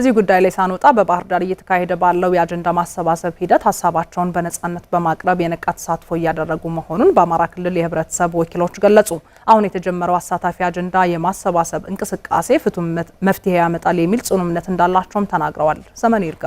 እዚህ ጉዳይ ላይ ሳንወጣ በባህር ዳር እየተካሄደ ባለው የአጀንዳ ማሰባሰብ ሂደት ሀሳባቸውን በነጻነት በማቅረብ የነቃ ተሳትፎ እያደረጉ መሆኑን በአማራ ክልል የህብረተሰብ ወኪሎች ገለጹ። አሁን የተጀመረው አሳታፊ አጀንዳ የማሰባሰብ እንቅስቃሴ ፍቱን መፍትሄ ያመጣል የሚል ጽኑ እምነት እንዳላቸውም ተናግረዋል። ዘመን ይርጋ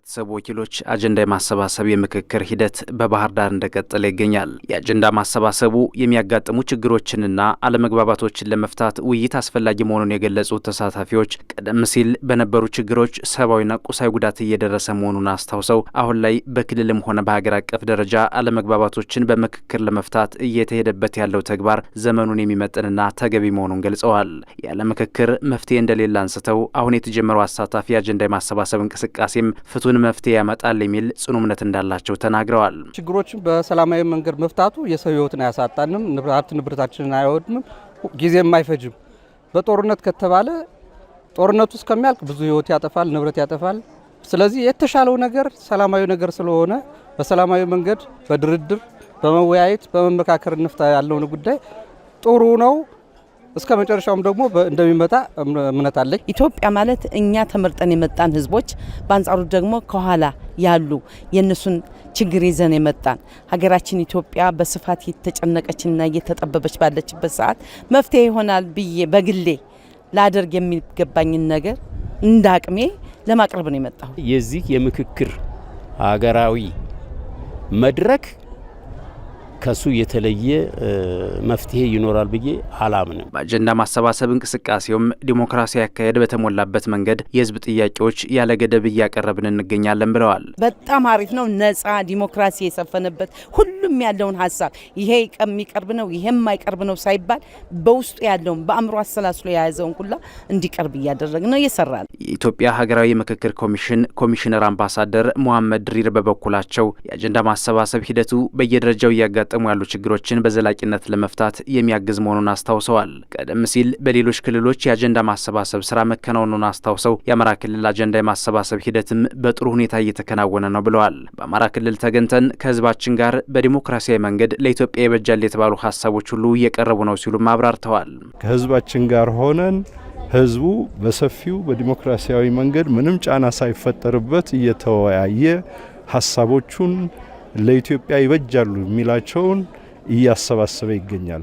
የህብረተሰቡ ወኪሎች አጀንዳ የማሰባሰብ የምክክር ሂደት በባህር ዳር እንደቀጠለ ይገኛል። የአጀንዳ ማሰባሰቡ የሚያጋጥሙ ችግሮችንና አለመግባባቶችን ለመፍታት ውይይት አስፈላጊ መሆኑን የገለጹት ተሳታፊዎች ቀደም ሲል በነበሩ ችግሮች ሰብአዊና ቁሳዊ ጉዳት እየደረሰ መሆኑን አስታውሰው አሁን ላይ በክልልም ሆነ በሀገር አቀፍ ደረጃ አለመግባባቶችን በምክክር ለመፍታት እየተሄደበት ያለው ተግባር ዘመኑን የሚመጥንና ተገቢ መሆኑን ገልጸዋል። ያለ ምክክር መፍትሄ እንደሌለ አንስተው አሁን የተጀመረው አሳታፊ አጀንዳ የማሰባሰብ እንቅስቃሴም ፍቱ እሱን መፍትሄ ያመጣል የሚል ጽኑ እምነት እንዳላቸው ተናግረዋል። ችግሮችን በሰላማዊ መንገድ መፍታቱ የሰው ህይወትን አያሳጣንም፣ ሀብት ንብረታችንን አያወድምም፣ ጊዜም አይፈጅም። በጦርነት ከተባለ ጦርነቱ እስከሚያልቅ ብዙ ህይወት ያጠፋል፣ ንብረት ያጠፋል። ስለዚህ የተሻለው ነገር ሰላማዊ ነገር ስለሆነ በሰላማዊ መንገድ በድርድር በመወያየት በመመካከር እንፍታ ያለውን ጉዳይ ጥሩ ነው። እስከ መጨረሻውም ደግሞ እንደሚመጣ እምነት አለኝ። ኢትዮጵያ ማለት እኛ ተመርጠን የመጣን ህዝቦች፣ በአንጻሩ ደግሞ ከኋላ ያሉ የእነሱን ችግር ይዘን የመጣን ሀገራችን ኢትዮጵያ በስፋት የተጨነቀችና እየተጠበበች ባለችበት ሰዓት መፍትሄ ይሆናል ብዬ በግሌ ላደርግ የሚገባኝን ነገር እንደ አቅሜ ለማቅረብ ነው የመጣሁ። የዚህ የምክክር ሀገራዊ መድረክ ከሱ የተለየ መፍትሄ ይኖራል ብዬ አላምንም። በአጀንዳ ማሰባሰብ እንቅስቃሴውም ዲሞክራሲያዊ አካሄድ በተሞላበት መንገድ የህዝብ ጥያቄዎች ያለ ገደብ እያቀረብን እንገኛለን ብለዋል። በጣም አሪፍ ነው። ነጻ ዲሞክራሲ የሰፈነበት ሁሉም ያለውን ሀሳብ ይሄ የሚቀርብ ነው ይሄ የማይቀርብ ነው ሳይባል በውስጡ ያለውን በአእምሮ አሰላስሎ የያዘውን ሁላ እንዲቀርብ እያደረግ ነው ነው። የኢትዮጵያ ሀገራዊ ምክክር ኮሚሽን ኮሚሽነር አምባሳደር ሞሐመድ ድሪር በበኩላቸው የአጀንዳ ማሰባሰብ ሂደቱ በየደረጃው እያጋ እያጋጠሙ ያሉ ችግሮችን በዘላቂነት ለመፍታት የሚያግዝ መሆኑን አስታውሰዋል። ቀደም ሲል በሌሎች ክልሎች የአጀንዳ ማሰባሰብ ስራ መከናወኑን አስታውሰው የአማራ ክልል አጀንዳ የማሰባሰብ ሂደትም በጥሩ ሁኔታ እየተከናወነ ነው ብለዋል። በአማራ ክልል ተገንተን ከህዝባችን ጋር በዲሞክራሲያዊ መንገድ ለኢትዮጵያ ይበጃል የተባሉ ሀሳቦች ሁሉ እየቀረቡ ነው ሲሉም አብራርተዋል። ከህዝባችን ጋር ሆነን ህዝቡ በሰፊው በዲሞክራሲያዊ መንገድ ምንም ጫና ሳይፈጠርበት እየተወያየ ሀሳቦቹን ለኢትዮጵያ ይበጃሉ የሚላቸውን እያሰባሰበ ይገኛል።